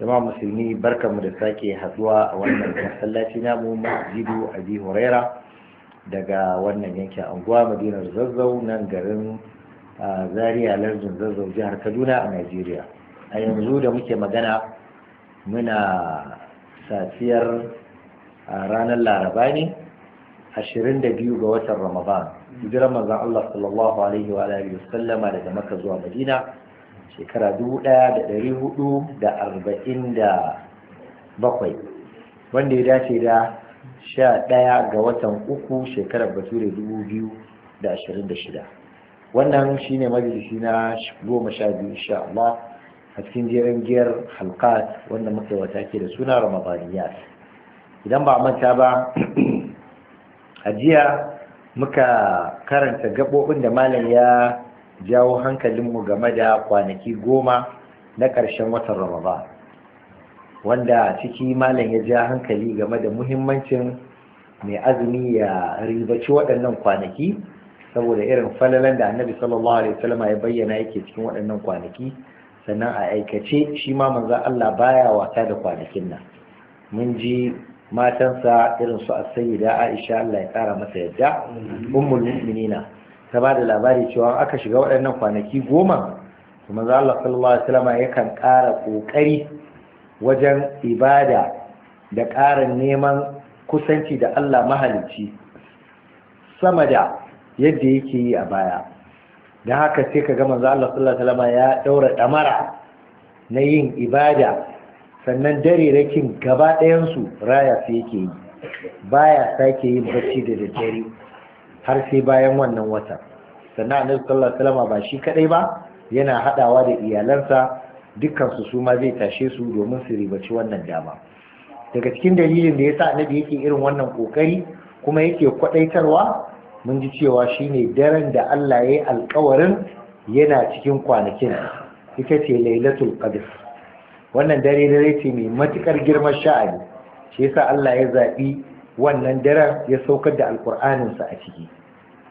jama musulmi barkanmu da sake haduwa a wannan masallaci namu masjidu abi huraira daga wannan yankin anguwa madinar zazzau nan garin zaria lardin zazzau jihar kaduna a najeriya a yanzu da muke magana muna safiyar ranar laraba ne 22 ga watan ramadan hijirar manzon allah sallallahu alaihi wa alihi daga maka zuwa madina shekara dubu ɗaya da ɗari hudu da arba'in da bakwai wanda ya dace da sha ɗaya ga watan uku shekarar bature dubu biyu da ashirin da shida wannan shine majalisi na goma sha biyu sha Allah a cikin jerin giyar halkat wanda muka wata ke da suna ramadaniyat idan ba manta ba a jiya muka karanta gaɓoɓin da malam ya jawo hankalinmu game da kwanaki goma na ƙarshen watan Rababa, wanda ciki malam ya ja hankali game da muhimmancin mai azumi ya ribaci waɗannan kwanaki saboda irin falalan da annabi sallallahu alaihi wasallam ya bayyana yake cikin waɗannan kwanaki sannan a aikace shi ma manzo Allah baya wata da kwanakin nan mun ji matansa irin su as-sayyida Aisha Allah ya kara masa yadda ummul mu'minina ta ba da labari cewa aka shiga waɗannan kwanaki goma kuma za Allah sallallahu alaihi ya yakan ƙara ƙoƙari wajen ibada da ƙara neman kusanci da Allah mahalicci sama da yadda yake yi a baya da haka sai ka ga manzo Allah sallallahu alaihi wasallama ya ɗaura ɗamara na yin ibada sannan dare rakin gaba ɗayansu raya su yake yi baya sake yin bacci da daddare har sai bayan wannan wata sannan annabi sallallahu alaihi wasallam ba shi kadai ba yana hadawa da iyalansa dukkan su su zai tashe su domin su ribaci wannan dama daga cikin dalilin da yasa annabi yake irin wannan kokari kuma yake kwadaitarwa mun ji cewa shine daren da Allah ya yi alkawarin yana cikin kwanakin ita ce lailatul qadr wannan dare dare ce mai matukar girman sha'ani shi yasa Allah ya zabi wannan daren ya saukar da alkur'aninsa a ciki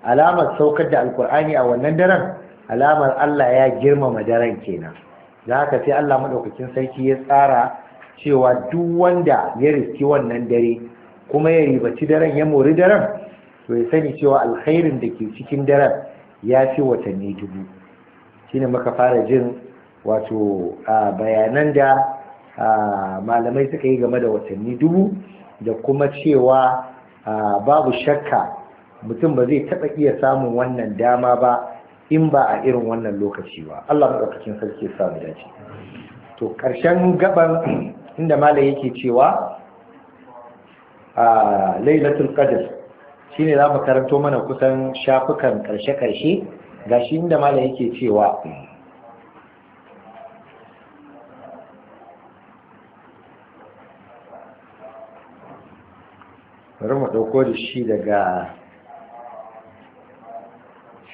alamar saukar da alkur'ani a wannan daren alamar Allah ya girmama daren kenan da haka sai Allah maɗaukacin sarki ya tsara cewa duk wanda ya riski wannan dare kuma ya ribaci daren ya mori daren to ya sani cewa alkhairin da ke cikin daren ya fi watanni dubu shine muka fara jin wato bayanan da malamai suka yi game da watanni dubu da kuma cewa babu shakka mutum ba zai taɓa iya samun wannan dama ba in ba a irin wannan lokaci ba Allah maɗaukakin sarki ya samu dace to ƙarshen gaban inda malai yake cewa a lailatul qadr shine za mu karanto mana kusan shafukan ƙarshe-ƙarshe shi inda malai yake cewa bari mu ɗauko da shi daga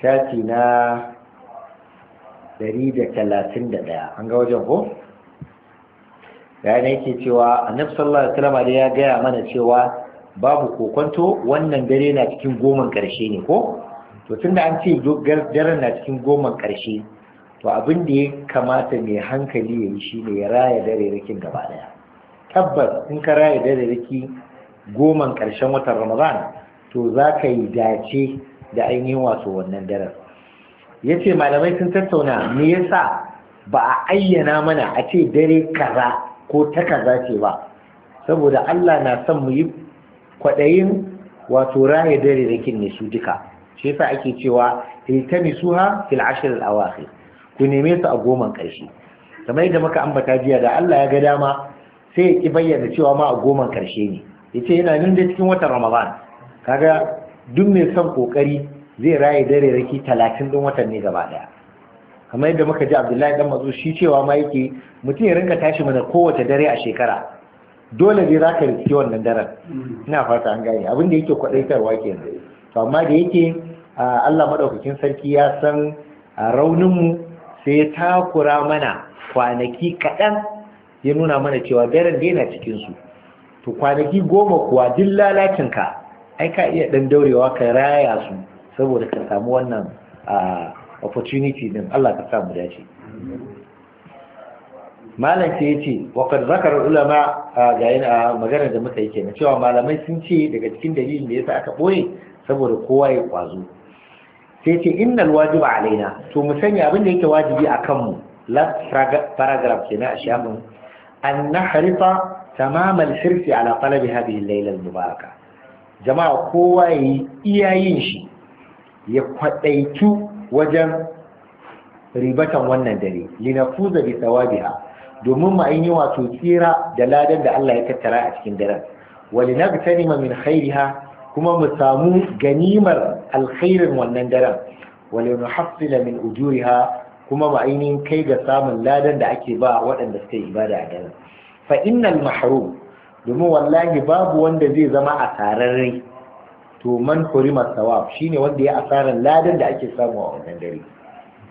shati na 131 an ga wajen ko? bayanai ke cewa annabi sallallahu alaihi wasallam ya gaya mana cewa babu kokonto wannan dare na cikin goman karshe ne ko to tunda an ce daren na cikin goman karshe to abin da ya kamata mai hankali ya yi shine ya raya dare rikin gaba daya tabbas in ka raya dare riki goman ƙarshen watan ramadan to za ka yi dace da ainihin wato wannan daren ya ce malamai sun tattauna me yasa ba a ayyana mana a ce dare kaza ko ta kaza ce ba saboda allah na son mu yi kwaɗayin wato raya dare rakin ne su duka shi yasa ake cewa iltami suha fil ashr al awakhir ku neme su a goman ƙarshe kamar yadda muka ambata jiya da allah ya ga dama sai ya ki bayyana cewa ma a goman ƙarshe ne yace yana nan da cikin watan ramadan kaga duk mai son kokari zai raye dare raki 30 din watan ne gaba daya kamar yadda muka ji Abdullahi dan Mazu shi cewa ma yake mutum ya rinka tashi mana kowace dare a shekara dole zai zaka riki wannan daren ina fata an gane abin da yake kwadaitarwa kenan to amma da yake Allah madaukakin sarki ya san raunin mu sai ya takura mana kwanaki kaɗan ya nuna mana cewa daren cikin su to kwanaki goma kuwa duk lalacinka ai ka iya ɗan daurewa ka raya su saboda ka samu wannan opportunity din Allah ka samu dace malam ce yace wa kad zakara ulama ga a maganar da muka yake na cewa malamai sun ce daga cikin dalilin da yasa aka boye saboda kowa ya kwazo sai ce innal wajiba alaina to mu sanya abin da yake wajibi a kanmu last paragraph kenan a shafin an harifa. Tamamal al-hirsi ala talabi hadhihi al-layla jama'a kowa yayi iyayin shi ya kwadaitu wajen ribatan wannan dare linafuza bi thawabiha domin mu aini wato tsira da ladar da Allah ya tattara a cikin daren walinagtanima min khairiha kuma mu samu ganimar alkhairin wannan daren walinuhassila min ujuriha kuma mu aini kai ga samun ladar da ake ba waɗanda suka yi ibada a daren fa innal mahrum domin wallahi babu wanda zai zama a tararre to man hurima sawab shine wanda ya asaran ladan da ake samu a wannan dare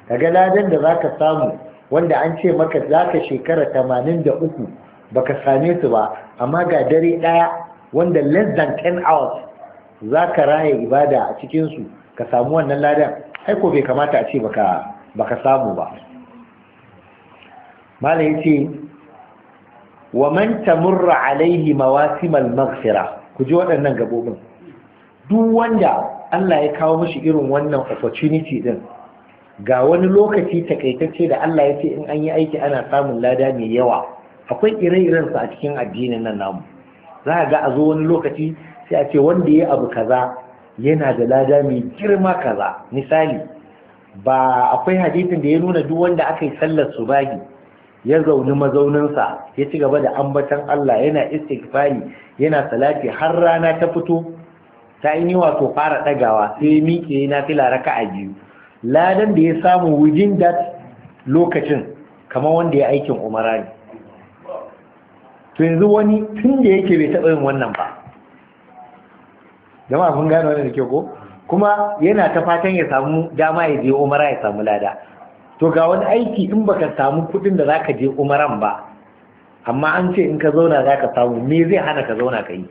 kaga ladan da zaka samu wanda an ce maka zaka shekara 83 baka same su ba amma ga dare daya wanda less than 10 hours zaka raye ibada a cikin su ka samu wannan ladan ai ko bai kamata a ce baka baka samu ba malai yace wa man tamurra alaihi mawasimal maghfira ku ji waɗannan gabobin duk wanda Allah ya kawo mishi irin wannan opportunity din ga wani lokaci takaitacce da Allah ya ce in an yi aiki ana samun lada mai yawa akwai ire-iren su a cikin addinin nan namu za ga a zo wani lokaci sai a ce wanda ya abu kaza yana da lada mai girma kaza misali ba akwai hadisin da ya nuna duk wanda aka yi sallar subahi ya zauni mazauninsa ya ci gaba da ambatan Allah yana istighfari yana salati har rana ta fito ta yi wato fara dagawa sai miƙe na fila raka'a biyu ladan da ya samu within that lokacin kamar wanda ya aikin umara ne to yanzu wani tun da yake bai taɓa yin wannan ba jama'a kun gane wannan da ke ko kuma yana ta fatan ya samu dama ya je umara ya samu lada to ga wani aiki in baka samu kuɗin da zaka je umaran ba amma an ce in ka zauna zaka samu me zai hana ka zauna ka yi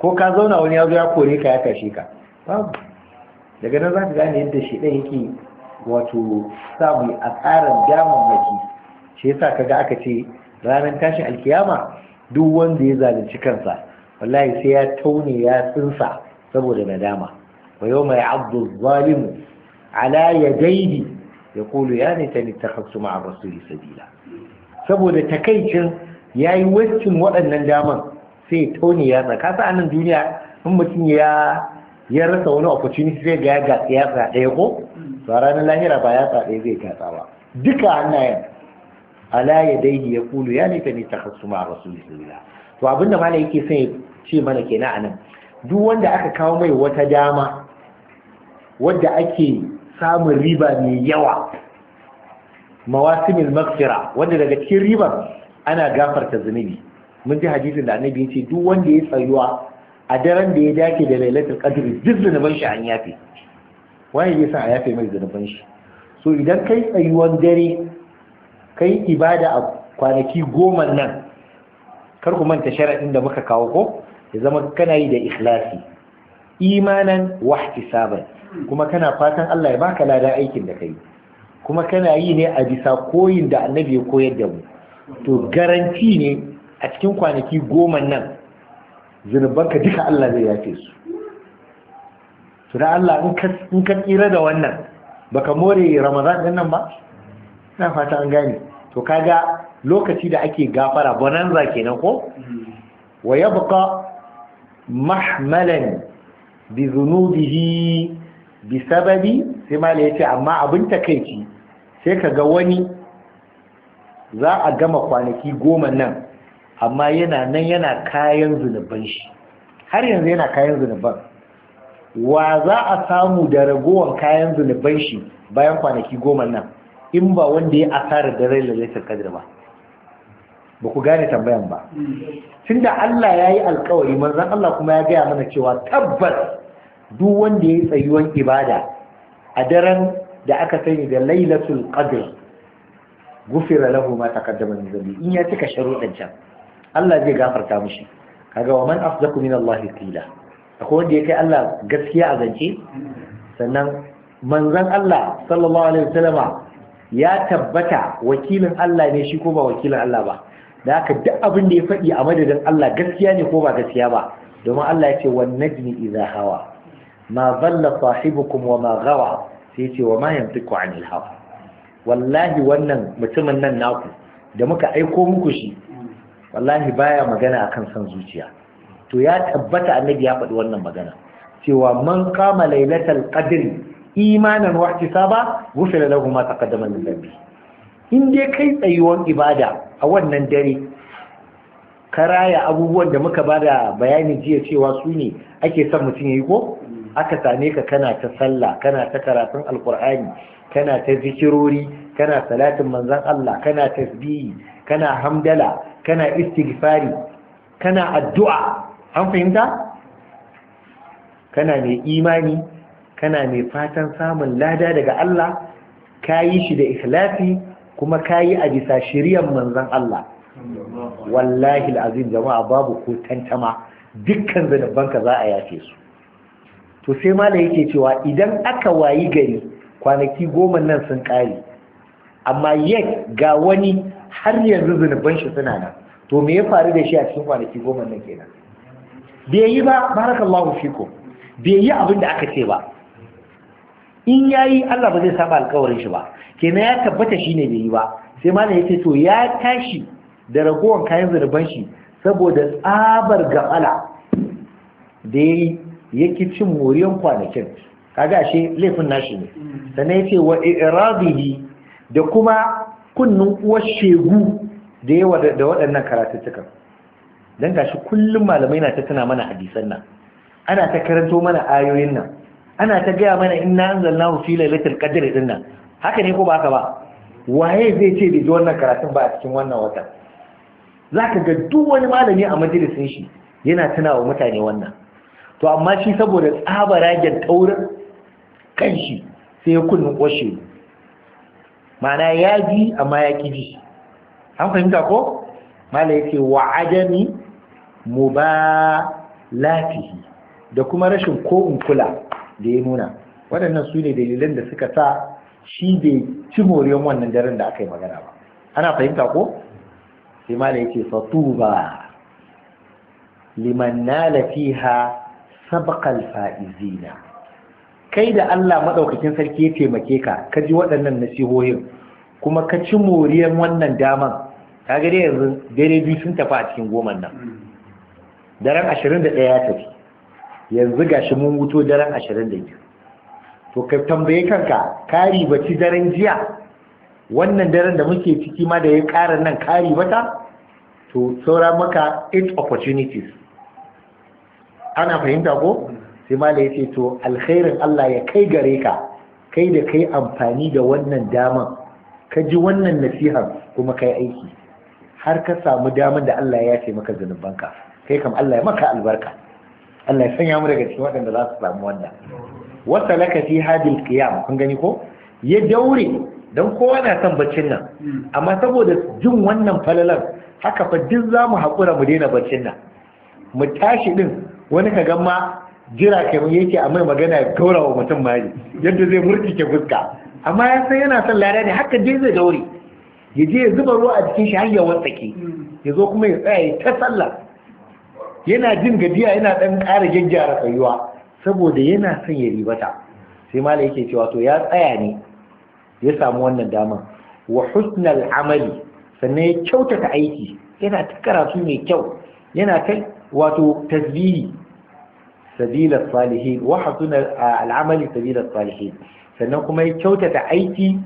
ko ka zauna wani yazo ya kore ka ya tashe ka babu daga nan zaka gane yadda shi ɗaya yake wato samu a tsarin maki shi yasa kaga aka ce ranar tashin alkiyama duk wanda ya zalunci kansa wallahi sai ya taune ya tsinsa saboda nadama wa yau mai Abdul zalimu ala yadaihi Ya Kulu ya laitani takhassu ma'a rasuli sabila saboda takaicin yi wacin waɗannan daman sai tauni ya tsaka sa nan duniya in mutum ya ya rasa wani opportunity zai ga ya gatsa ɗaya ko to ranar lahira ba yatsa ɗaya zai gatsa ba duka hannayen ala ya daihi ya kulu ya ne ta ne ta kasu ma to abinda mana yake son ya ce mana kenan anan duk wanda aka kawo mai wata dama wadda ake samun riba mai yawa mawasimin makfira wanda daga cikin ribar ana gafarta zunubi mun ji hadisin da annabi ya ce duk wanda ya tsayuwa a daren da ya dace da lailatul qadr duk zunuban shi an yafe wani ya sa a yafe mai zunuban shi so idan kai tsayuwan dare kai ibada a kwanaki goma nan kar ku manta sharaɗin da muka kawo ko ya zama kana yi da ikhlasi imanan wahtisaban kuma kana fatan Allah ya baka ladan aikin da kai kuma kana yi ne a bisa koyin da annabi ya koyar da mu to garanti ne a cikin kwanaki goma nan zunubanka duka Allah zai yafe su to da Allah in ka tsira da wannan baka more Ramadan din nan ba na fata an gane to kaga lokaci da ake gafara bonanza kenan ko wa yabqa mahmalan bi dhunubihi bi sababi sai mala ya ce amma abin takaici sai ka ga wani za a gama kwanaki goma nan amma yana nan yana kayan zunuban shi har yanzu yana kayan zunuban wa za a samu da ragowar kayan zunuban shi bayan kwanaki goma nan in ba wanda ya asara da rai lalaitar kadir ba ba ku gane tambayan ba hmm. tunda Allah ya yi alkawari manzan Allah kuma ya gaya mana cewa tabbas duk wanda ya yi tsayuwan ibada a daren da aka sani da lailatul qadr gufira lahu ma taqaddama min dhanbi in ya cika sharuɗan can Allah zai gafarta mishi kaga wa man afzaku min Allah qila akwai wanda ya kai Allah gaskiya a zance sannan manzon Allah sallallahu alaihi wasallama ya tabbata wakilin Allah ne shi ko ba wakilin Allah ba da haka duk abin da ya faɗi a madadin Allah gaskiya ne ko ba gaskiya ba domin Allah ya ce wan najmi idza hawa ma zalla sahibukum wa ma gawa sai ce wa ma ku anil hawa wallahi wannan mutumin nan naku da muka aiko muku shi wallahi baya magana akan san zuciya to ya tabbata annabi ya faɗi wannan magana cewa man kama lailatul qadri imanan wa ihtisaba ghufira lahu ma taqaddama min dhanbi in dai kai tsayuwar ibada a wannan dare karaya abubuwan da muka bada bayani jiya cewa su ne ake son mutum ya yi ko aka same ka kana ta sallah kana ta karatun alkur'ani kana ta zikirori kana salatin manzon Allah kana tasbihi kana hamdala kana istighfari kana addu'a an fahimta kana mai imani kana mai fatan samun lada daga Allah kayi shi da ikhlasi kuma kayi a bisa shiriyar manzon Allah wallahi alazim jama'a babu ko tantama dukkan zanabanka za a yace su to sai mala yake cewa idan aka wayi gari kwanaki goma nan sun kare. amma yet ga wani har yanzu zunuban shi suna nan to me ya faru da shi a cikin kwanaki goma nan kenan bai yi ba barakallahu fiko bai yi abin da aka ce ba in yayi Allah ba zai saba alƙawarin shi ba kenan ya tabbata shine bai yi ba sai mala yake to ya tashi da ragowar kayan zunuban shi saboda tsabar gafala da yayi yake cin moriyan kwanakin kaga ashe laifin nashi ne sannan yace wa iradihi da kuma kunnun uwar shegu da yawa da waɗannan karatuttuka don gashi kullum malamai na ta tana mana hadisan nan ana ta karanto mana ayoyin nan ana ta gaya mana inna anzalnahu fi lailatul qadr din nan haka ne ko ba haka ba waye zai ce ji wannan karatun ba a cikin wannan wata zaka ga duk wani malami a majalisin shi yana tana wa mutane wannan to amma shi saboda tsaba ragen taurin kanshi sai ya kunnin kwashe mana ya ji amma ya ƙi an fahimta ko mala ya ce wa ajami mu ba lafihi da kuma rashin ko in kula da ya nuna waɗannan su ne dalilan da suka sa shi bai ci moriyan wannan daren da aka yi magana ba ana fahimta ko sai mala ya ce ba. liman na lafiha sabakal faizina kai da Allah madaukakin sarki ya taimake ka ka ji waɗannan nasihohin kuma ka ci moriyar wannan daman ka ga dai yanzu dare biyu sun tafi a cikin goman nan daren 21 ya tafi yanzu gashi mun wuto daren 22 to ka tambaye kanka ka ci daren jiya wannan daren da muke ciki ma da ya ƙara nan ka bata? to saura maka eight opportunities ana fahimta ko sai malai ya ce to alkhairin Allah ya kai gare ka kai da kai amfani da wannan daman ka ji wannan nasiha kuma kai aiki har ka samu daman da Allah ya ce maka Ka kai kam Allah ya maka albarka Allah ya sanya mu daga cikin waɗanda za su samu wannan wata laka fi hadil qiyam kun gani ko ya daure dan kowa na son baccin nan amma saboda jin wannan falalar, haka fa duk za mu haƙura mu daina baccin nan mu tashi din wani ka gama jira kamar yake a mai magana ya gaura wa mutum mari yadda zai ke fuska amma ya san yana son lada ne haka dai zai daure ya je ya zuba ruwa a jikin shi har ya wasake ya zo kuma ya tsaya ta sallah yana jin gadiya yana dan ƙara gyaggyara rayuwa saboda yana son ya ribata sai mala yake cewa to ya tsaya ne ya samu wannan damar wa husnal amali sannan ya kyautata aiki yana ta karatu mai kyau yana ta wato tasbihi sabila salihin wa hasuna al'amali sabila salihin sannan kuma ya kyautata aiki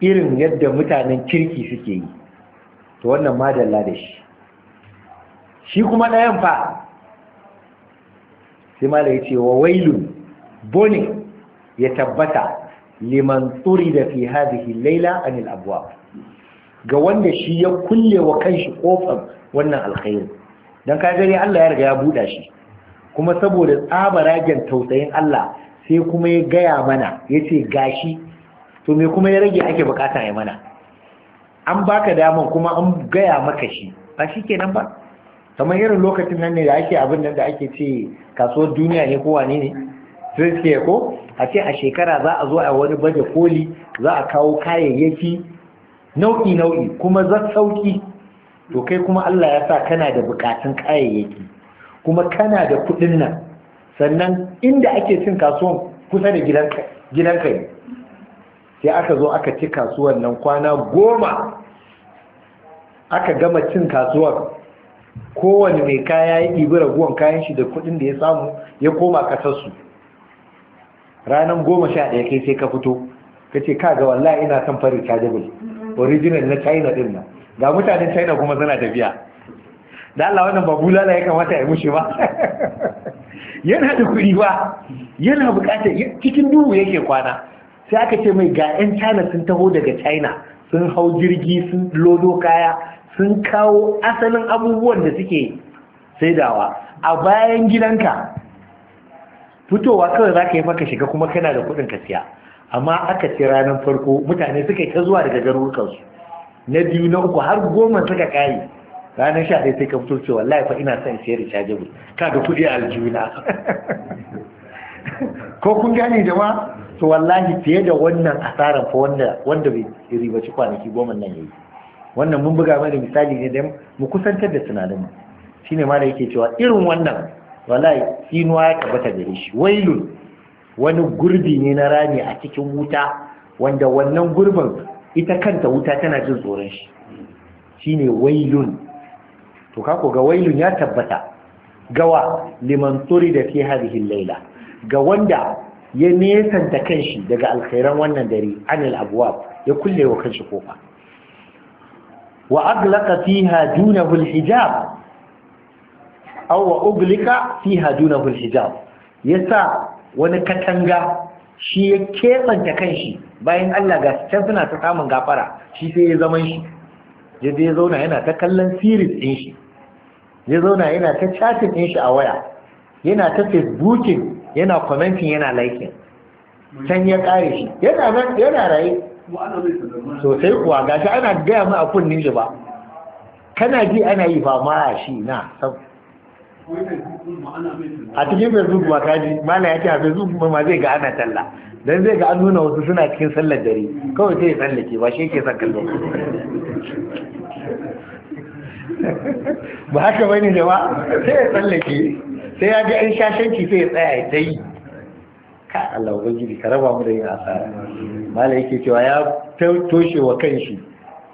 irin yadda mutanen kirki suke yi to wannan ma da shi shi kuma ɗayan fa sai mala ya ce wa wailun bone ya tabbata liman tsuri da fi hadhihi laila anil abwa ga wanda shi ya kulle wa kanshi kofar wannan alkhairi don ka gani Allah ya riga ya buɗa shi kuma saboda tsaba ragen tausayin Allah sai kuma ya gaya mana ya ce gashi to me kuma ya rage ake bukata ya mana an baka daman kuma an gaya maka shi ba shi kenan ba kamar irin lokacin nan ne da ake abin da ake ce kasuwar duniya ne ko wane ne sai ko a ce a shekara za a zo a wani baje koli za a kawo kayayyaki nau'i nau'i kuma za sauki to kai kuma Allah ya sa kana da bukatun kayayyaki kuma kana da kudin nan sannan inda ake cin kasuwan kusa da gidanka gidanka ne sai aka zo aka ci kasuwan nan kwana goma aka gama cin kasuwar kowane mai kaya ya ɗibi raguwan kayan shi da kuɗin da ya samu ya koma ƙasarsu ranar goma sha ɗaya kai sai ka fito ka ce kaga wallah ina son fari chargeable original na china ɗin nan ga mutanen china kuma suna tafiya da Allah wannan ba bulala ya kamata ya mushe ba yana da kuɗi ba yana buƙatar cikin duhu yake kwana sai aka ce mai ga 'yan china sun taho daga china sun hau jirgi sun lodo kaya sun kawo asalin abubuwan da suke saidawa a bayan gidanka fitowa kawai za ka yi maka shiga kuma kana da kuɗin ka amma aka ce ranar farko mutane suka yi ta zuwa daga garurukansu na biyu na uku har goma suka kayi ranar sha ɗaya sai ka fito cewa wallahi fa ina son sayar da chargeable ka da kuɗi a aljuna ko kun gane jama to wallahi fiye da wannan asarar fa wanda wanda bai ci kwanaki goma nan yayi wannan mun buga mana misali ne dan mu kusantar da tunanin mu shine ma da yake cewa irin wannan wallahi sinuwa ya tabbata gare shi wailun wani gurbi ne na rani a cikin wuta wanda wannan gurbin ita kanta wuta tana jin tsoron shi ne wailun to ka ga wailun ya tabbata gawa liman turi da fi hadhihi laila ga wanda ya nesanta kanshi daga alkhairan wannan dare anil abwab ya kulle wa kanshi kofa wa aglaqa fiha dunahu alhijab aw wa uglika fiha dunahu alhijab yasa wani katanga shi ya kesanta kanshi bayan Allah ga can suna ta samun gafara shi sai ya zaman shi ya dai zauna yana ta kallon series ɗin shi ya zauna yana ta chatting ɗin shi a waya yana ta facebooking yana commenting yana liking can ya kare shi yana nan yana raye sosai kuwa gashi ana gaya mu a kunnin shi ba kana ji ana yi ba ma shi na sab a cikin facebook ba kaji mala ya ce a facebook ma zai ga ana talla dan zai ga an nuna wasu suna cikin sallar dare kawai sai ya tsallake ba shi yake son kallo ba haka bane jama'a sai ya tsallake sai ya ga an shashanci sai ya tsaya ya ta yi ka Allah ubangiji ka raba mu da yin asara mala yake cewa ya toshe wa kanshi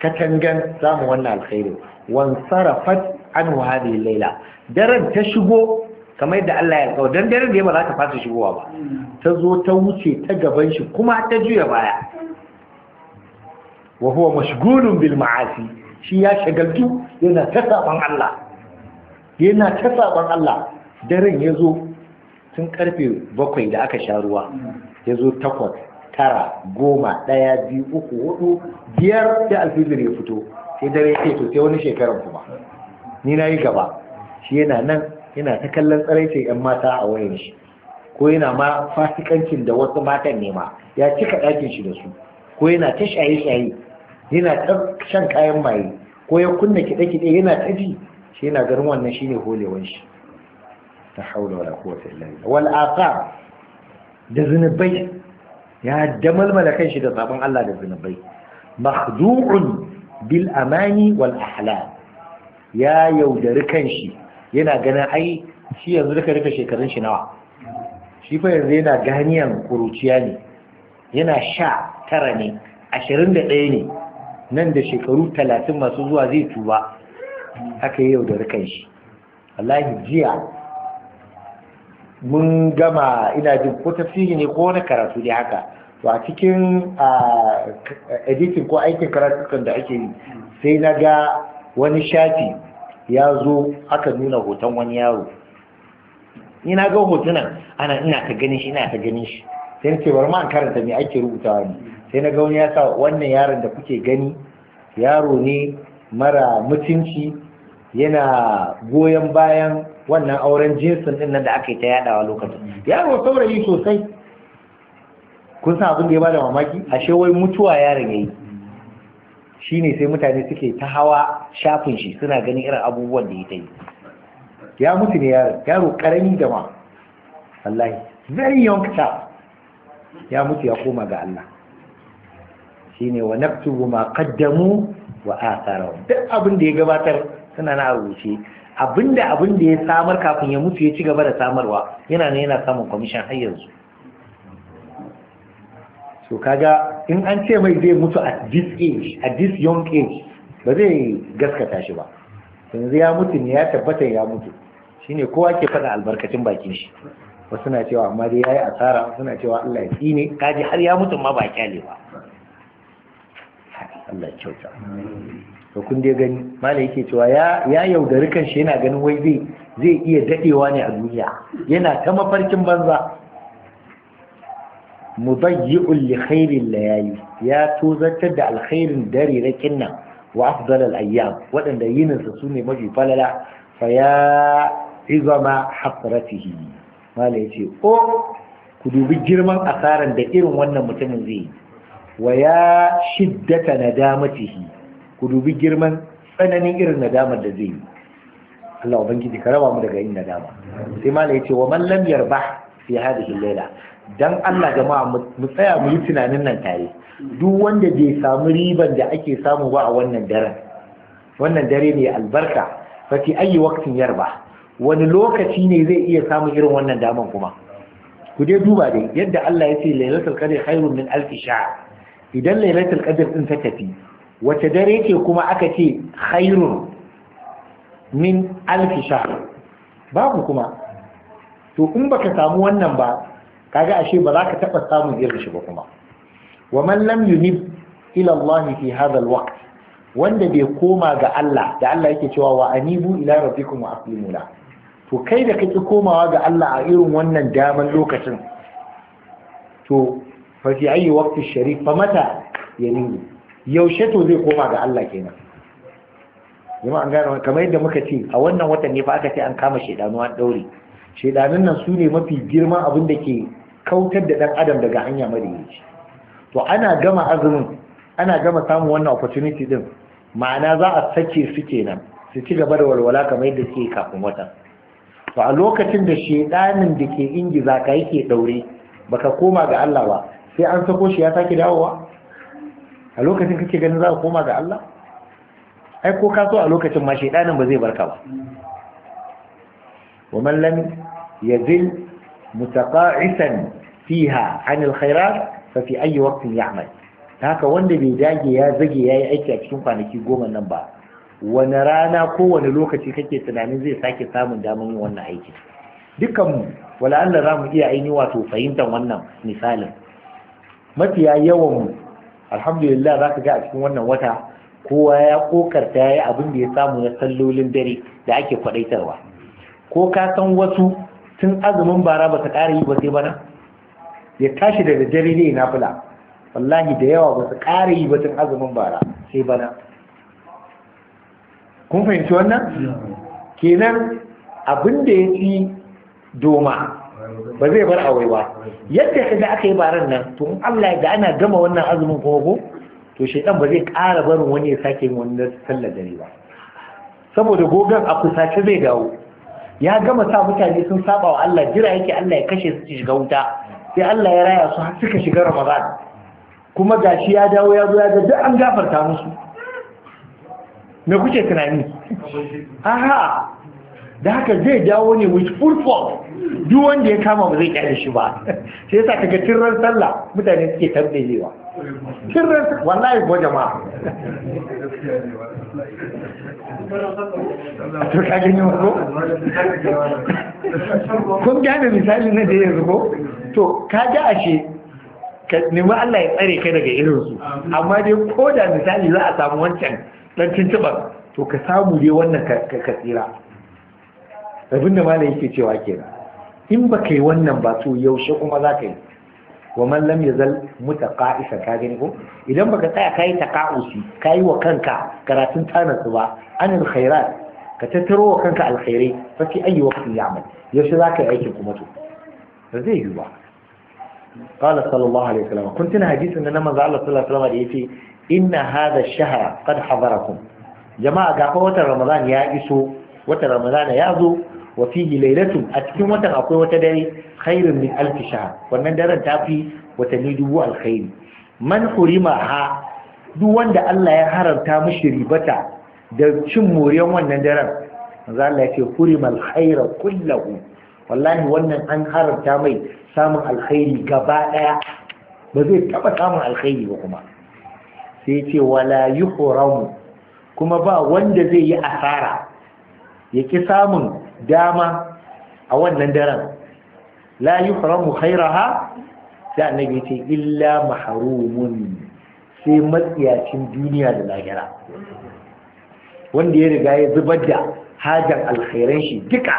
katangan samun wannan alkhairi wan sarafat an hadi laila daren ta shigo kamar yadda Allah ya kawo dan dare da ba za ta fasa shigowa ba ta zo ta wuce ta gaban shi kuma ta juya baya wa huwa mashgulun bil ma'asi shi ya shagaltu yana ta saban Allah yana ta saban Allah daren ya zo tun karfe bakwai da aka sha ruwa ya zo takwas tara goma ɗaya biyu uku hudu biyar da alfijir ya fito sai dare ya ce sai wani shekaran kuma ni na yi gaba shi yana nan yana ta kallon tsaraicin 'yan mata a wayan shi ko yana ma fasikancin da wasu matan ne ma ya cika ɗakin shi da su ko yana ta shaye-shaye yana ta shan kayan maye ko ya kunna kiɗe-kiɗe yana ta ji shi yana ganin wannan ne holewan shi ta haula wala quwwata illa wal aqab da zunubai ya damalmala kanshi da sabon Allah da zunubai mahdu'un bil amani wal ahla ya yaudari kanshi yana ganin ai shi yanzu duka duka shekarun shi nawa shi fa yanzu yana ganiyan kuruciya ne yana sha tara ne ashirin da ɗaya ne nan da shekaru talatin masu zuwa zai tuba haka yau da rikan shi wallahi jiya mun gama ina jin ko tafsiri ne ko wani karatu ne haka to a cikin editin ko aikin karatukan da ake yi sai na ga wani shafi ya zo aka nuna hoton wani yaro ni na ga hotunan ana ina ta ganin shi ina ta ganin shi sai ce bari ma an karanta me ake rubutawa ne sai na ga wani ya sa wannan yaron da kuke gani yaro ne mara mutunci yana goyon bayan wannan auren jinsin din nan da aka yi ta yadawa lokacin yaro saurayi sosai kun san abin da ya bada mamaki ashe wai mutuwa yaron yayi shine sai mutane suke ta hawa shafin shi suna ganin irin abubuwan da ya ta yi ya mutu ne yaro karami da ma wallahi very young child ya mutu ya koma ga Allah shine wa naktubu ma qaddamu wa atharu duk abin da ya gabatar suna na rubuce abinda abin da ya samar kafin ya mutu ya ci gaba da samarwa yana ne yana samun commission har yanzu so kaga in an ce mai zai mutu at this age at this young age ba zai gaskata shi ba yanzu ya mutu ne ya tabbata ya mutu shine kowa ke faɗa albarkacin bakin shi wasu na cewa amma dai yayi asara wasu na cewa Allah ya tsine kaji har ya mutu ma ba kyale ba Allah ya kyauta to kun dai gani mala yake cewa ya ya yaudari kan shi yana ganin wai zai zai iya dadewa ne a duniya yana ta mafarkin banza mudayyi'un li khairin layali ya tozartar da alkhairin dare rakin nan wa afdalal ayyam waɗanda yininsa su ne mafi falala fa ya izama hasratihi mala yace ko ku dubi girman asaran da irin wannan mutumin zai yi wa ya shiddata nadamatihi ku dubi girman tsananin irin nadamar da zai yi Allah ubangiji ka raba mu daga yin nadama sai mala yace wa man lam yarba fi hadhihi al-laila dan Allah jama'a mu tsaya mu yi tunanin nan tare duk wanda bai samu riban da ake samu ba a wannan daren wannan dare ne albarka fati ayi waktin yarba wani lokaci ne zai iya samun irin wannan daman kuma ku dai duba dai yadda Allah ya ce lailatul qadr khairun min alf idan lailatul qadr din ta tafi wace dare ce kuma aka ce khairun min alf babu kuma to in baka samu wannan ba kaga ashe ba za ka taɓa samun irin shi ba kuma wa man lam yunib ila Allah fi hadha alwaqt wanda bai koma ga Allah da Allah yake cewa wa anibu ila rabbikum wa aslimu la to kai da kake komawa ga Allah a irin wannan daman lokacin to fa fi ayi waqti sharif fa mata yaushe to zai koma ga Allah kenan kuma an gano kamar yadda muka ce a wannan watan ne fa aka ce an kama shaidanu an ɗaure. Shaidanun nan su ne mafi girman abin da ke kautar da ɗan adam daga hanya ce, to ana gama azumin ana gama samun wannan opportunity din ma'ana za a sake su kenan su ci gaba da walwala kamar yadda suke kafin watan to a lokacin da shedanin da ke ingiza ka yake daure baka koma ga Allah ba sai an sako shi ya sake dawowa a lokacin kake ganin za ka koma ga Allah ai ko ka so a lokacin ma shedanin ba zai barka ba wa man lam yazil mutaqa'isan fiha anil khairat fa fi ayi waqtin ya'mal haka wanda bai dage ya zage yayi aiki a cikin kwanaki goma nan ba wani rana ko wani lokaci kake tunanin zai sake samun damar yin wannan aiki dukkan mu wala Allah za mu iya aini wato fahimtar wannan misalin mafiya yawan mu alhamdulillah za ka ga a cikin wannan wata kowa ya kokarta ya yi abin da ya samu na sallolin dare da ake kwadaitarwa ko ka san wasu tun azumin bara ba ta ƙara yi ba sai bana ya tashi daga dare ne na fula wallahi da yawa ba su ƙara yi ba tun azumin bara sai bana kun fahimci wannan kenan abin da ya ci doma ba zai bar awai ba yadda ka ga aka yi baran nan to in Allah ya ana gama wannan azumin kuma ko to shaidan ba zai ƙara barin wani ya sake yin wani sallar dare ba saboda gogon a kusa kusace zai dawo ya gama sa mutane sun saba wa Allah jira yake Allah ya kashe su shiga wuta sai Allah ya raya su har suka shiga Ramadan kuma gashi ya dawo ya zo ya ga duk an gafarta musu me kuke tunani aha da haka zai dawo ne with full force duk wanda ya kama ba zai kyale shi ba sai yasa kaga tirran sallah mutane suke tabbelewa tirran wallahi ko jama'a to ka gani wato kun gane misali na da yanzu ko to ka ga ashe ka nemi Allah ya tsare ka daga irinsu amma dai ko da misali za a samu wancan dan tuntuɓar to ka samu dai wannan ka tsira abinda malai yake cewa kenan in ba ka yi wannan ba to yaushe kuma za ka yi wa man lam yazal mutaqa'isa ka gani ko idan baka tsaya kai taqa'usi kai wa kanka karatun tanatsu ba anil khairat ka tattaro wa kanka alkhairai fa fi ayi waqti ya'mal yaushe zaka yi aikin kuma to ba zai yi ba qala sallallahu alaihi wasallam kun tuna hadisin na manzo Allah sallallahu alaihi wasallam da yace inna hadha ash-shahra qad hadarakum jama'a ga fa watan ramadan ya iso watan ramadan ya zo wa fihi a cikin watan akwai wata dare khairun min alf shahr wannan daren tafi watanni dubu alkhairi man hurima ha duk wanda Allah ya haramta mishi ribata da cin moriyan wannan daren manzo Allah ya ce hurimal khaira kullahu wallahi wannan an haramta mai samun alkhairi gaba daya ba zai taba samun alkhairi ba kuma sai ce wala yuhramu kuma ba wanda zai yi asara yake samun dama a wannan daren la yuhramu hairaha sai annabi ce illa mahrumun sai matsiyacin duniya da lahira wanda ya riga ya zubar da hajan alkhairan shi duka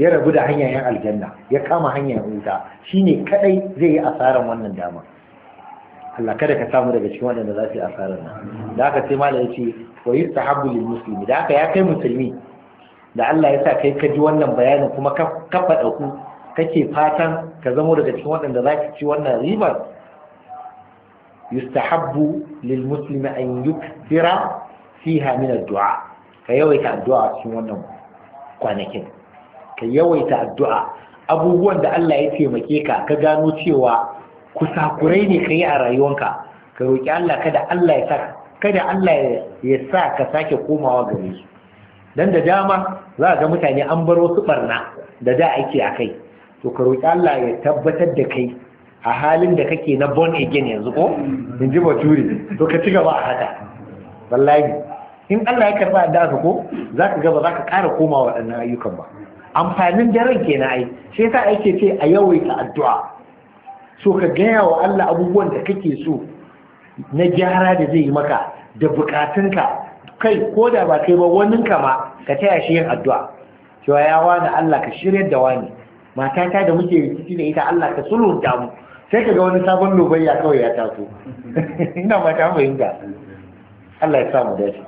ya rabu da hanyar yan aljanna ya kama hanyar wuta shine kadai zai yi asarar wannan dama Allah kada ka samu daga cikin wadanda za su yi asarar nan da aka sai malai ya ce wa yustahabbu lil Musulmi? da haka ya kai musulmi da Allah ya sa kai ka ji wannan bayanin kuma ka faɗa ku kake fatan ka zamo daga cikin waɗanda za ki ci wannan ribar yustahabbu lil muslimi an yukthira fiha min addu'a ka yawaita addu'a cikin wannan kwanakin ka yawaita addu'a abubuwan da Allah ya taimake ka ka gano cewa kusakurai ne ka yi a rayuwanka ka roƙi Allah kada Allah ya sa kada Allah ya sa ka sake komawa gare su dan da dama za ga mutane an baro su barna da da ake a kai to ka roƙi Allah ya tabbatar da kai a halin da kake na born again yanzu ko in ji to ka ci gaba a haka wallahi in Allah ya karba da ko za ka gaba za ka ƙara koma waɗannan ayyukan ba amfanin daren kenan ai sai yasa ake ce a yawaita addu'a so ka gaya wa Allah abubuwan da kake so na gyara da zai yi maka da bukatunka kai ko da ba kai ba wannan ka ma ka taya shi yin addu'a cewa ya wani Allah ka shiryar da wani Mata ta da muke rikici da ita Allah ka sulhunta mu sai ka ga wani sabon lobayya kawai ya taso ina ba ta fahimta Allah ya sa mu dace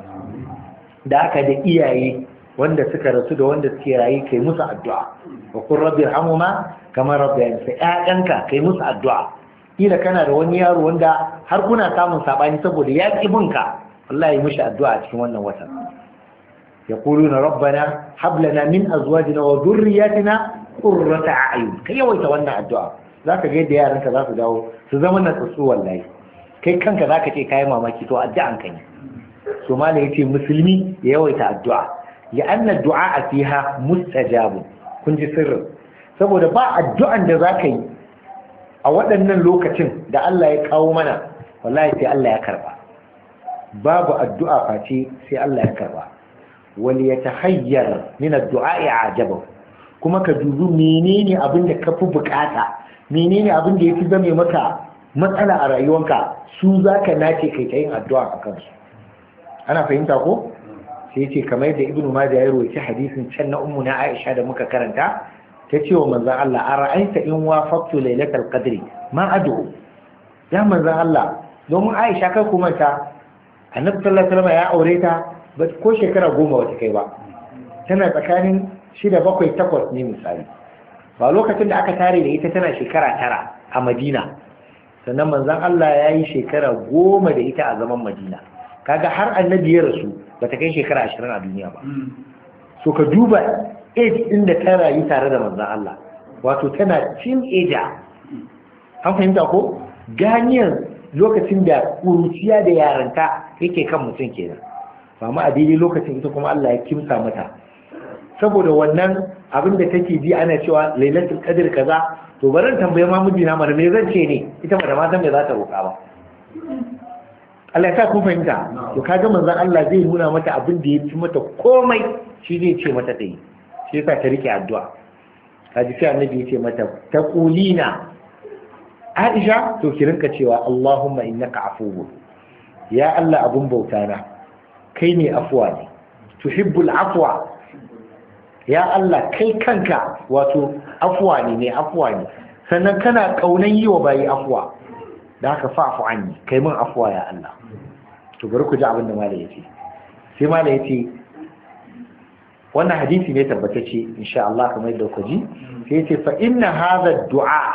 da aka da iyaye wanda suka rasu da wanda suke rayu kai musu addu'a wa kun rabbi rahmuma kamar rabbi sai ƴaƴanka kai musu addu'a kila kana da wani yaro wanda har kuna samun sabani saboda ya ki binka Allah ya mushi addu'a a cikin wannan watan Ya na rabbana hab lana min azwajina wa dhurriyyatina a a'yun kai yawaita wannan addu'a zaka ga yadda yaranka za su dawo su zama na tsatsu wallahi kai kanka zaka ce kai mamaki to addu'an ka ne so ya ce musulmi ya yawaita addu'a ya anna du'a fiha mustajabun kun ji sirrin saboda ba addu'an da zaka yi a waɗannan lokacin da Allah ya kawo mana wallahi sai Allah ya karɓa. babu addu'a face sai Allah ya karba wani ya tahayyar min addu'a ya ajaba kuma ka dubi menene abin da kafi bukata menene abin da yafi zame maka matsala a rayuwanka su zaka nace kai ta yin addu'a a kansu ana fahimta ko sai ce kamar yadda ibnu majah ya rawaita hadisin can na ummu na aisha da muka karanta ta ce wa manzon Allah ara'aita in wafaqtu lailatul qadri ma ad'u ya manzon Allah domin aisha kai kuma ta annabi sallallahu alaihi wasallam ya aure ta ba ko shekara goma wata kai ba tana tsakanin shida bakwai takwas ne misali ba lokacin da aka tare da ita tana shekara tara a madina sannan manzan Allah ya yi shekara goma da ita a zaman madina kaga har annabi ya rasu ba ta kai shekara ashirin a duniya ba hmm. so ka duba age ɗin da ta rayu tare da manzan Allah wato tana cin eja an fahimta ko ganiyar lokacin da kuruciya da yaranta yake kan mutum kenan amma a daidai lokacin ita kuma Allah ya kimsa mata saboda wannan abin da take ji ana cewa lailatul qadr kaza to baran tambaye ma na mara me zan ce ne ita da ma san me za ta roka ba Allah ya sa ku fahimta to kaga manzon Allah zai nuna mata abin da ya mata komai shi zai ce mata dai shi yasa ta rike addu'a kaji sai annabi ya ce mata taqulina Aisha to ki rinka cewa Allahumma innaka afuwwun ya Allah abun bauta na kai ne afuwa ne tuhibbul afwa ya Allah kai kanka wato afuwa ne ne afuwa ne sannan kana kaunan yi wa bayi afuwa. da haka fa'fu anni kai min afuwa ya Allah to bari ku ji abin da malai yace sai malai yace wannan hadisi ne tabbatacce insha Allah kamar yadda ku ji sai yace fa inna hadha du'a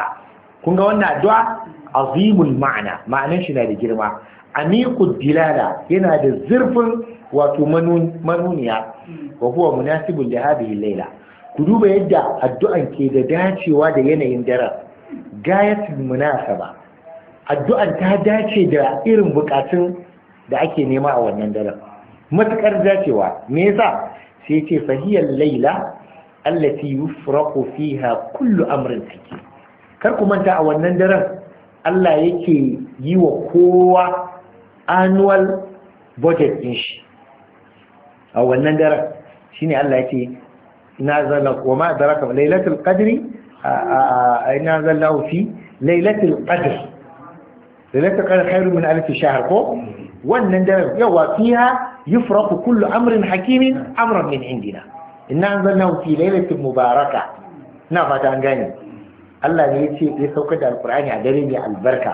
kun ga wannan addu'a azimul ma'ana ma'anar shi na da girma Amiku dilala yana da zurfin wato manuniya hmm. wa huwa munasibun da hadhihi layla ku duba yadda addu'an ke da dacewa da yanayin daren gayatul munasaba addu'an ta dace da irin bukatun da ake nema a wannan daren matukar dacewa me yasa sai ce fahiyar laila allati yufraqu fiha kullu amrin fiki kar ku manta a wannan daren Allah yake yi wa kowa annual budget din shi a wannan shi ne Allah ya ce na nazala wa ma daraka lailatul qadri ina zallahu fi lailatul qadr lailatul qadr khairu min alf shahr ko wannan daren yawa fiha yufraqu kullu amrin hakimin amran min indina inna anzalnahu fi lailatin mubaraka na fata an gane Allah ne ya ce ya sauka da alkur'ani a dare mai albarka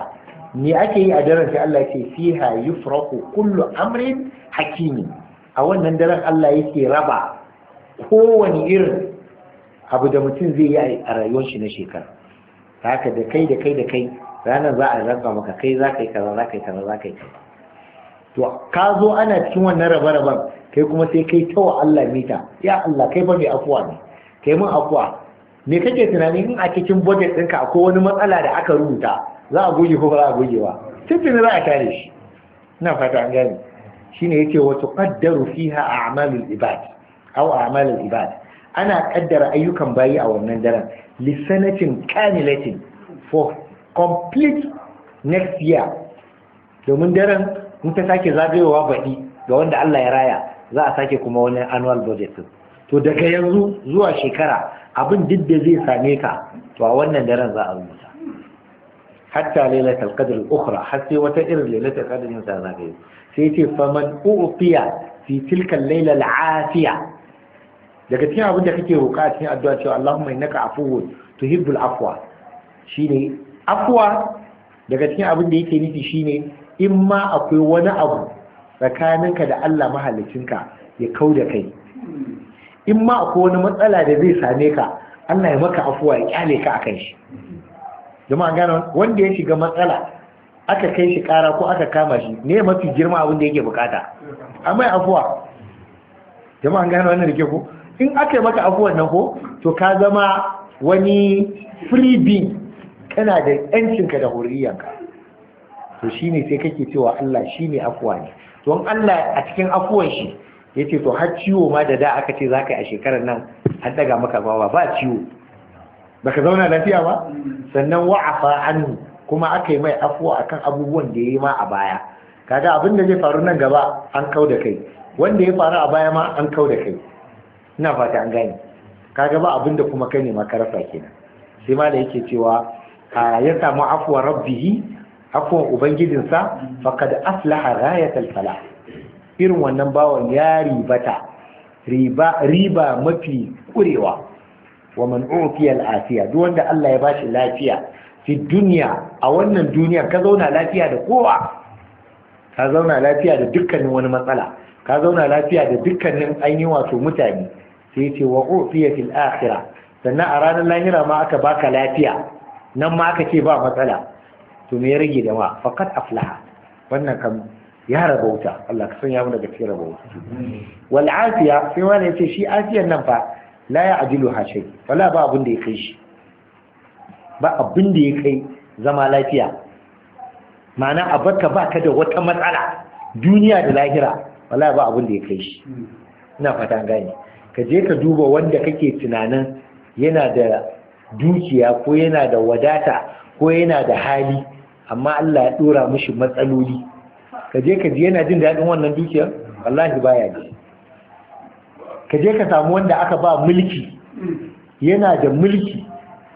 me ake yi a daren sai Allah ce fiha yufraku kullu amrin hakimi a wannan daren Allah yake raba kowane irin abu da mutum zai yi a rayuwar shi na shekara ta haka da kai da kai da kai ranar za a raba maka kai za ka yi kaza za ka yi kaza za ka yi kaza to ka zo ana cikin wannan rabe-raben kai kuma sai kai tawa Allah mita ya Allah kai ba mai afuwa ne kai mun afuwa me kake tunani in a cikin budget ɗinka akwai wani matsala da aka rubuta za a goge ko ba za a goge ba tuntuni za a tare shi ina fata an gani. gane shine yake wata tuqaddaru fiha amalin ibad a amalin ibad ana ƙaddara ayyukan bayi a wannan daren lissanacin kamilatin for complete next year domin daren in ta sake zagayowa baɗi ga wanda Allah ya raya za a sake kuma wani annual budget to daga yanzu zuwa shekara abin duk zai same ka to a wannan daren za a rubuta hatta lailatul qadr ukhra har sai wata irin lailatul qadr din zaka yi. sai ce faman ufiya fi tilka lailal afiya daga cikin abin da kake roƙa a cikin addu'a cewa Allahumma innaka afuwun tuhibbul afwa shine afwa daga cikin abin da yake nufi shine in ma akwai wani abu tsakaninka da Allah mahalicinka ya kauda kai in ma akwai wani matsala da zai same ka Allah ya maka afuwa ya kyale ka akan shi jama'a gano wanda ya shiga matsala aka kai shi kara ko aka kama shi ne mafi girma abin da yake bukata amma afuwa jama'a gano wannan da ko in aka yi maka afuwan nan ko to ka zama wani being kana da ka da ka to shine sai kake cewa Allah shine afuwa ne don Allah a cikin afuwan shi ya ce to har ciwo ma da da aka ce za ka yi a shekarar nan an daga maka bawa ba ciwo ba ka zauna lafiya ba sannan wa'afa hannu. kuma aka yi mai afuwa akan abubuwan da ya yi ma a baya kaga abin da zai faru nan gaba an kau da kai wanda ya faru a baya ma an kau da kai ina fata an gane kaga ba abin kuma kai ne makarasa kenan sai ma da yake cewa ya samu afuwa rabbihi afuwan ubangijinsa faqad aflaha ghayatal falah irin wannan bawan ya ribata riba riba mafi kurewa wa man ufiya al'afiya duk wanda Allah ya bashi lafiya fi duniya a wannan duniya ka zauna lafiya da kowa ka zauna lafiya da dukkanin wani matsala ka zauna lafiya da dukkanin ainihin wato mutane sai ce wa ufiya fil akhirah sannan a ranar lahira ma aka baka lafiya nan ma aka ce ba matsala to me ya rage da ma faqad aflaha wannan kam ya rabauta Allah ka sanya mu daga cikin rabauta wal afiya sai wani yace shi afiyan nan fa la ya ajilu ha shay wala ba abin da ya kai shi ba abin da ya kai zama lafiya ma'ana abarka ba ka da wata matsala duniya da lahira wala ba abin da ya kai shi ina fata gane ka je ka duba wanda kake tunanin yana da dukiya ko yana da wadata ko yana da hali amma Allah ya dora mishi matsaloli ka je ka ji yana jin daɗin wannan dukiyar wallahi baya ji ka je ka samu wanda aka ba mulki yana da mulki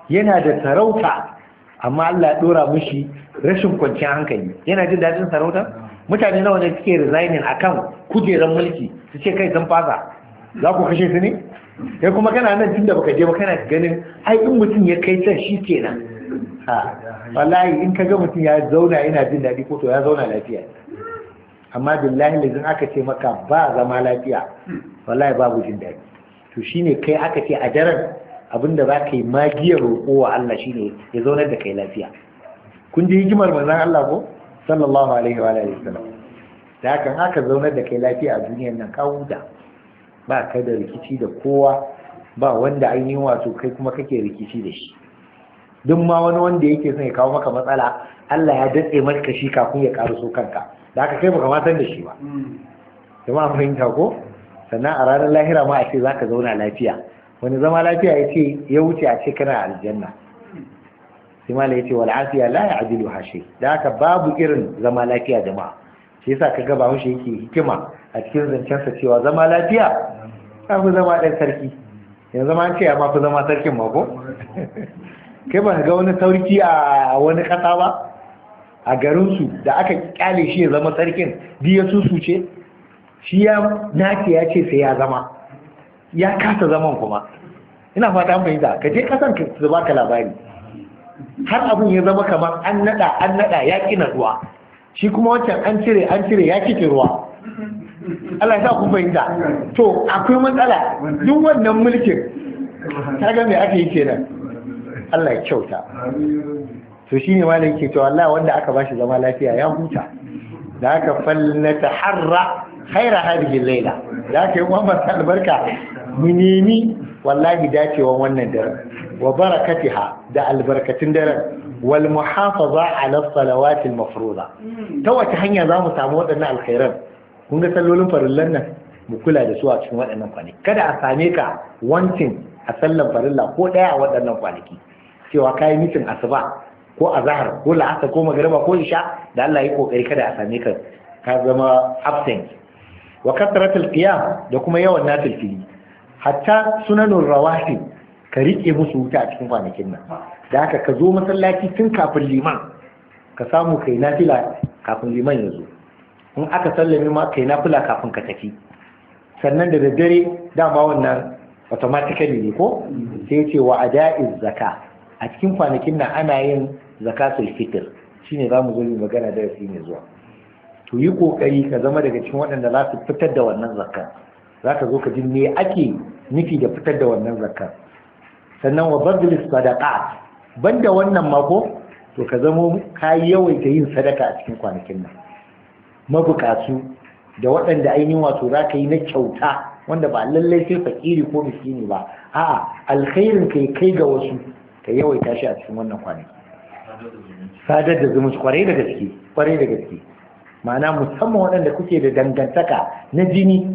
yana da sarauta amma Allah ya dora mushi rashin kwanciyar hankali yana jin daɗin sarauta mutane nawa ne suke resigning akan kujeran mulki su ce kai sun fasa za ku kashe su ne kai kuma kana nan tunda baka je ba kana ganin ai in mutum ya kai can shi kenan ha wallahi in ga mutum ya zauna yana jin daɗi ko to ya zauna lafiya amma billahi zan aka ce maka ba zama lafiya wallahi babu jin daɗi to shine kai aka ce a daren abinda za ka yi magiyar roƙo wa Allah shine ya zaunar da kai lafiya kun ji hikimar manzon Allah ko sallallahu alaihi wa alihi wasallam da kan aka zaunar da kai lafiya a duniyar nan ka huta ba ka da rikici da kowa ba wanda yi wato kai kuma kake rikici da shi duk ma wani wanda yake son ya kawo maka matsala Allah ya datse maka shi kafin ya karo so kanka da aka kai baka matan da shi ba kuma hmm. fahimta ko sannan a ranar lahira ma a ce za ka zauna lafiya wani zama lafiya ya ce ya wuce a ce kana aljanna sai ma ya ce wa lafiya la ya ajilu hashe da aka babu irin zama lafiya jama'a shi yasa ka gaba mushi yake hikima a cikin zancensa cewa zama lafiya ta fi zama ɗan sarki yanzu ma an ce ya ma fi zama sarkin mako kai ba ga wani sarki a wani ƙasa ba a garinsu da aka kyale shi ya zama sarkin biya su ce shi ya nace ya ce sai ya zama ya kasa zaman kuma ina fata an fahimta ka je kasan ka su baka labari har abin ya zama kamar an nada an nada ya kina ruwa shi kuma wancan an cire an cire ya kike ruwa Allah ya sa ku fahimta to akwai matsala duk wannan mulkin kaga me aka yi kenan Allah ya kyauta to ne malin ke cewa Allah wanda aka bashi zama lafiya ya huta da aka fallata harra haira hadhihi la'ila. da aka yi Muhammad albarka mu nemi wallahi dacewa wannan daren wa barakatiha da albarkatun daren wal muhafaza ala salawatil mafruza ta wace hanya za mu samu waɗannan alkhairan kun ga sallolin farillan nan mu kula da su a cikin waɗannan kwanaki kada a same ka wancin a sallan farilla ko ɗaya a waɗannan kwanaki cewa kayi mitin asuba ko Azahar, ko la'asar ko magariba ko isha da Allah ya kokari kada a same ka ka zama absent wa kasratul qiyam da kuma yawan nafil fili hatta sunanul rawahi ka rike musu wuta a cikin kwanakin nan da haka ka zo masallaci tun kafin liman ka samu kai nafila kafin liman ya zo in aka sallame ma kai nafila kafin ka tafi sannan da daddare dama wannan automatically ne ko sai ce wa ada'iz zaka a cikin kwanakin nan ana yin zakatul fitr shine zamu zo mu magana da yasi ne zuwa to yi kokari ka zama daga cikin waɗanda za su fitar da wannan zakka za ka zo ka ji me ake nufi da fitar da wannan zakka sannan wa bazlis sadaqat banda wannan mako to ka zamo ka yawaita yin sadaka a cikin kwanakin nan mabukatu da waɗanda ainihin wato za ka yi na kyauta wanda ba lallai sai fakiri ko miskini ba a'a alkhairin kai kai ga wasu ka yawaita shi a cikin wannan kwanaki sadar da zumunci kwarai da gaske kwarai da gaske ma'ana musamman waɗanda kuke da dangantaka na jini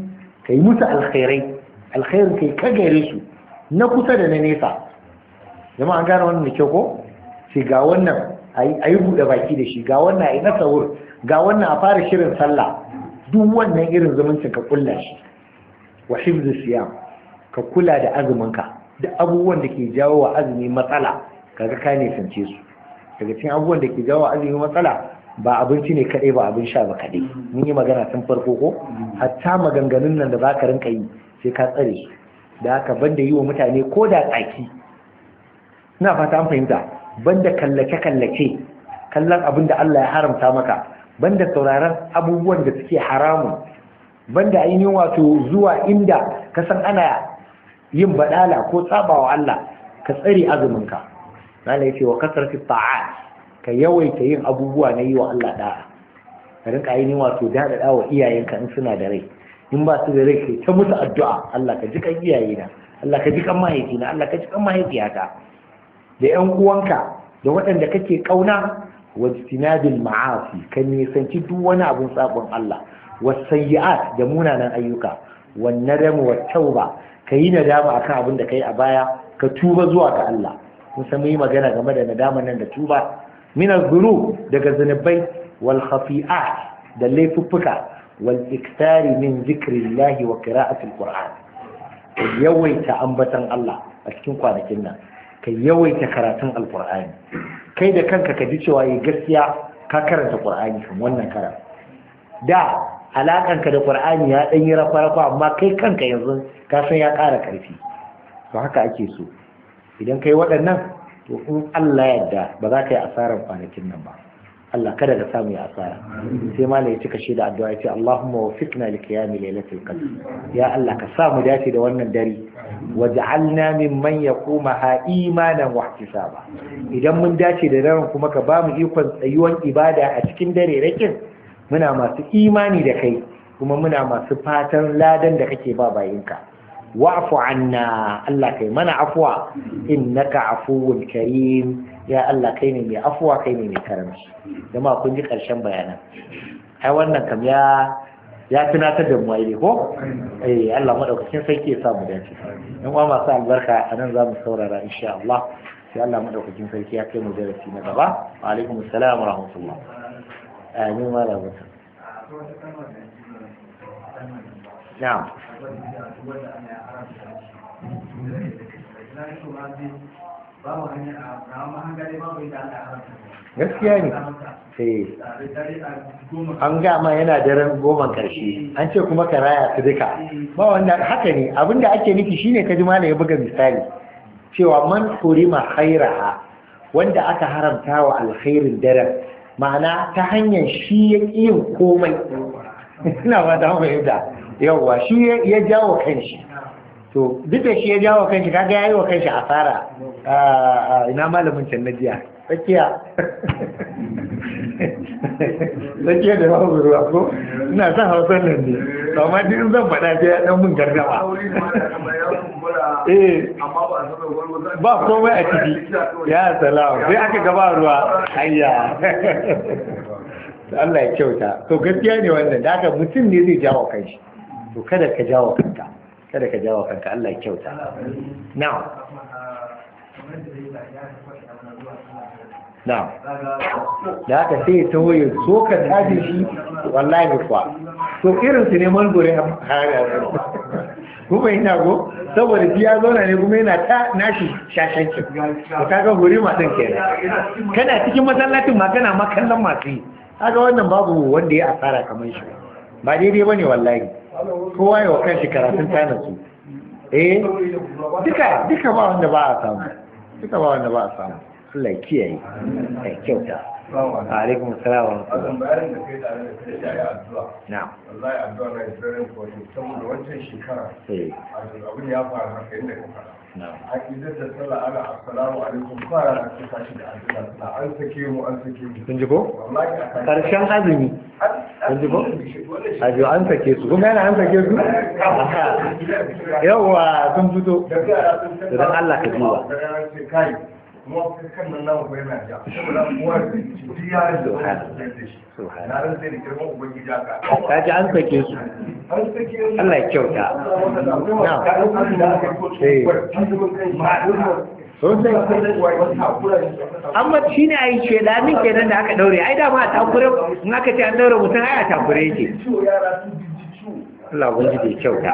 kai musu alkhairai alkhairin kai ka gare su na kusa da na nesa jama'a an gane wannan da kyau ko sai ga wannan a yi buɗe baki da shi ga wannan a yi nasa wur ga wannan a fara shirin sallah duk wannan irin zumuncin ka kulla shi wa hifzu siyam ka kula da azumin da abubuwan da ke jawo wa azumi matsala kaga ka nisance su daga cikin abubuwan da ke jawo azumi matsala ba abinci ne kaɗai ba abin sha ba kaɗai mun yi magana tun farko ko hatta maganganun nan da za ka rinka yi sai ka tsare da haka banda yi wa mutane ko da tsaki ina fata an fahimta banda kallace kallace kallon abin da Allah ya haramta maka banda sauraron abubuwan da suke haramun banda ainihin wato zuwa inda ka san ana yin baɗala ko tsabawa Allah ka tsare azuminka Allah ya ce wa kasarci ta'at ka yawaita yin abubuwa na yi wa Allah da'a ka rinka ainihin wato daɗaɗa wa iyayenka in suna da rai in ba su da rai kai ta musu addu'a Allah ka ji kan na. Allah ka ji kan na. Allah ka ji kan mahaifiyata da ƴan uwanka da waɗanda kake ƙauna wajtinadil ma'asi ka nisanci duk wani abun sabon Allah wasayyi'at da munanan ayyuka wan nadam wa tauba kayi nadama akan abin da kai a baya ka tuba zuwa ga Allah kun san yi magana game da nadaman nan da tuba min al daga zunubai wal da laifuffuka wal iktari min lahi wa qira'ati al Ka yawaita ambatan Allah a cikin kwanakin nan ka yawaita karatun alkur'ani kai da kanka ka ji cewa yi eh, gaskiya ka karanta qur'ani kan wannan karan da alakanka da qur'ani ya dan yi rafa rafa amma kai kanka yanzu ka san ya ƙara karfi to haka ake so idan kai waɗannan to in Allah yadda ba za ka yi asarar kwanakin nan ba Allah kada ka samu ya asara sai ma ya cika shi da addu'a ya ce Allahumma wafiqna li qiyami lailatul qadr ya Allah ka samu dace da wannan dare waj'alna mimman yaquma ha imanan wa ihtisaba idan mun dace da daren kuma ka ba mu ikon tsayuwar ibada a cikin dare rakin muna masu imani da kai kuma muna masu fatan ladan da kake ba bayinka wa'fu anna Allah kai mana afwa innaka afuwun karim ya Allah kai ne mai afwa kai ne mai karamci jama'a kun ji karshen bayanan ai wannan kam ya ya tunatar da mu aile ko eh Allah madaukakin sarki ya sa samu dace in uwa masu albarka a nan zamu saurara insha Allah sai Allah madaukakin sarki ya kai mu darasi na gaba wa alaikum assalam wa rahmatullah amin wa rahmatullah na'am gaskiya ne eh. an gama yana daren goma karshe eh. an ce kuma ka raya su duka eh. ba wanda haka ne abinda ake nufi shine ka ji malam ya buga misali cewa man hurima khairaha wanda aka haramta wa alkhairin daren ma'ana ta hanyar shi ya yin komai ina ba da fahimta yawwa shi ya jawo kanshi to duk da shi ya jawo kanshi kaga yayi wa kanshi asara ina malamin can na jiya tsakiya tsakiya da babu ruwa ko ina son hausan nan ne amma duk in zan faɗa sai ya dan mun gargaba eh ba komai a ciki ya salam sai aka gaba ruwa ayya Allah ya kyauta to gaskiya ne wannan da haka mutum ne zai jawo kanshi to kada ka jawo kanka kada ka jawo kanka Allah ya kyauta na'am na'am da aka sai ta waye so ka dade shi wallahi kuwa to irin su ne mangore harare kuma ina go saboda shi ya zauna ne kuma yana ta nashi shashancin to kaga huri masu kenan kana cikin masallacin ma kana makallan masu yi kaga wannan babu wanda ya asara kamar shi ba daidai bane wallahi kowa yau kan shi karatun tana su eh duka duka ba wanda ba a samu duka ba wanda ba a samu Allah kiyaye ya kyauta a alaikum salam wa rahmatullahi na wallahi addu'a na is very important saboda wancan shekara eh. abin ya faru haka inda ka fara a idan da sallah ana assalamu alaikum fara da ta tashi da addu'a an sake mu an sake mu kun ji ko karshen azumi kun ji ko a ji an sake su kuma yana an sake su yawa sun fito da Allah ka ji ba kuma kan da an sake su a eh. kenan da aka daure ai dama a takure in aka ce an daure mutum takure yake Allah wani da kyauta